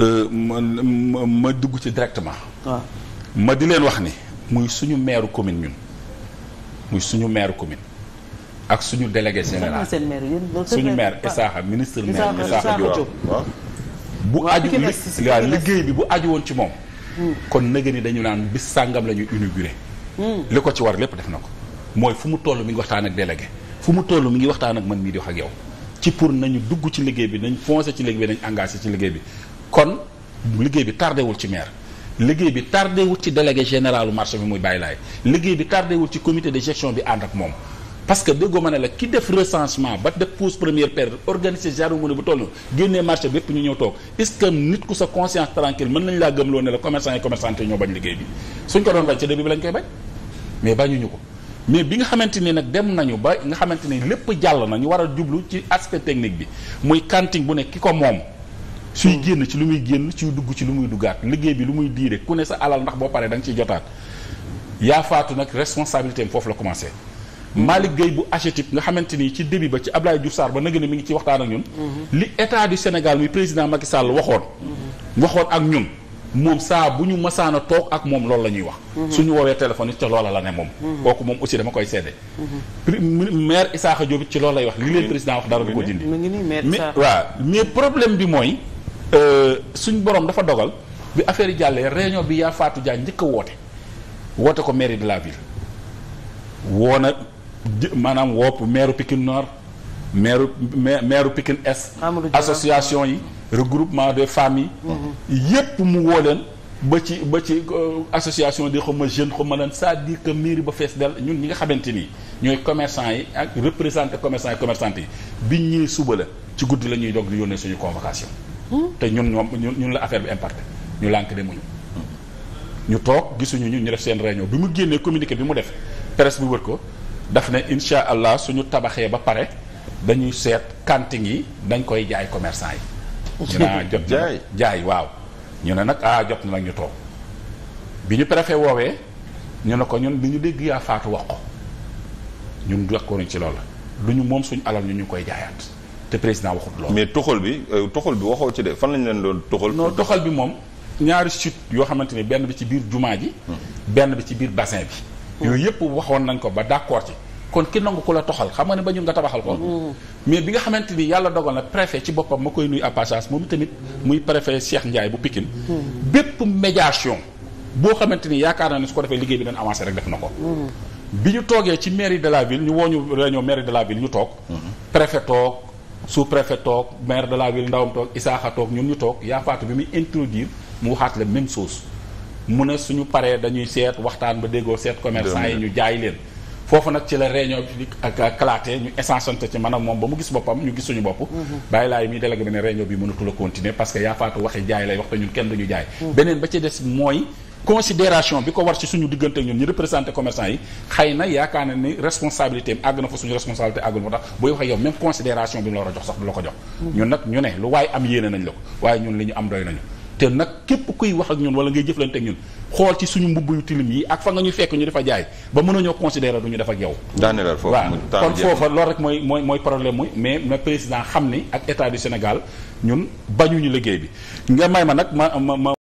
Euh, ma dugg ci directement. Ah. ma di leen wax ni muy suñu maire commune ñun muy suñu maire commune ak suñu délégué général suñu maire Isaaxa ministre maire Isaaxa Diop bu aju waaw liggéey bi bu aju woon ci moom hmm. kon nëgë ni dañu naan bis sàngam la ñu hmm. li ko ci war lépp def na ko mooy fu mu toll mi ngi waxtaan ak délégué fu mu toll mi ngi waxtaan ak man mii di wax ak yow ci pour nañu dugg ci liggéey bi nañ foncé ci liggéey bi nañ engagé ci liggéey bi kon liggéey bi tardé wul ci maire liggéey bi tardé wul ci délégué général marché bi muy Baye Laye liggéey bi tardé wul ci comité de gestion bi ànd ak moom. parce que ma ne la ki def recensement ba def pose première pierre organiser gendarmerie bu toll nii génnee marché bi ñu ñëw toog est que nit ku sa conscience tranquille mën nañ laa gëmloo ne la commerçant yi commerçante ñoo bañ liggéey bi suñ ko doon bañ ci début bi lañ koy bañ mais bañuñu bi nga xamante ni nag dem nañu ba nga xamante ni lépp jàll na ñu war a jublu ci aspect technique bi muy kanting bu ne ki ko moom. suy hmm. génn ci lu muy génn ciy dugg ci lu muy duggaat liggéey bi lu muy diire ku ne sa alal ndax boo paree da nga ciy jotaat yaa faatu nag responsabilité foofu la commencé. Hmm. maa liggéey bu AGETIP nga xamante ni ci début ba ci Abdoulaye Diouf saar ba nag ne mi ngi ci waxtaan ak ñun. Hmm. li état du Sénégal muy président Macky Sall waxoon. waxoon ak ñun moom saa bu ñu masaan a toog ak moom loolu la ñuy wax. ñu woowee téléphone it ca loola la ne moom. kooku moom aussi dama koy seede. maire Issakha Diop ci loolu lay wax. li leen président wax dara du ko dindi. mais waaw mais problème bi mooy. Euh, suñ borom dafa dogal bi affaire yi jàllee réunion bi yaa Fatou Diagne njëkk woote woote ko mairie de la ville woo na maanaam wopp maire Pikine Nord maire maire Pikine Est association yi regroupement des familles mm-hmm. yépp mu woo leen ba ci ba ci euh, association di xawma jeune xawma lan c'est-à-dire mairie ba fees del ñun ñi nga xamante ni ñooy commercant yi ak représenté commerçant yi commerçante yi biñ ñuy suba la ci guddi la ñuy dog di suñu convocation te ñun ñoom ñun la affaire bi impacté ñu lànk demuñu ñu toog gisuñu ñu ñu def seen réunion bi mu génnee communiqué bi mu def presse bu wër ko daf ne insha allah suñu tabaxee ba pare dañuy seet cantine yi dañ koy jaay commerçant yi ñu naa ah, jot jaay jaay waaw ñu ne nag ah jot na nag ñu toog bi ñu préfet woowee ñu ne ko ñun li ñu dégg yaa faatu wax ko ñun d'accord ci loolu du ñu moom suñu alal ñu ñu koy jaayaat te président waxut loolu. mais toxal bi euh, toxal bi waxoo ci de fan lañ leen doon toxal. non toxal bi moom ñaari chute yoo xamante ni benn bi ci biir jumaa ji. Hmm. benn bi ci biir bassin bi. Hmm. yooyu yëpp waxoon nañ ko ba d'accord ci. kon ki nangu ku la toxal xam nga ne ba ñu nga tabaxal ko hmm. mais bi nga xamante ni yàlla dogal na préfet ci boppam ma koy nuy à moom tamit muy préfet Cheikh Ndiaye bu Pikine bépp médiation boo xamante ni yaakaar na ne su ko defee liggéey bi dañ avancé rek def na ko ñu toogee ci mairie la ville ñu wooñu réunion mairie de la ville ñu toog préfet sous-préfet toog maire de la ville ndawam toog Isaaxa toog ñun ñu toog yaa faatu bi muy introduire mu waxaat la même chose mu ne suñu paree dañuy seet waxtaan ba déggoo seet commerçant yi ñu jaay leen foofu nag ci la réunion bi ak kalaatee ñu essencenté ci man ak moom ba mu gis boppam ñu gis suñu bopp mm-hmm. bàyyi laay mi délégué bi ne réunion bi mënatul a parce que yaa faatu jaay lay wax te ñun kenn duñu jaay mm-hmm. beneen ba ci des mooy considération bi ko war ci suñu diggante ñun ñu représenté commerçant yi xëy yaakaar na ni responsabilité àgg na fa suñu responsabilité àggul moo bi mu la a lu waaye am yéene nañ la ko waaye ñun li ñu am doy nañu te nag képp kuy wax ak ñun wala ngay jëflante ak ñun xool ci suñu mbubb yu tilim yi ak fa nga ñu fekk ñu dafa jaay ba mën nañoo considérer du ñu def yow foofu loolu rek mooy mooy problème mais na président xam ni ak état du Sénégal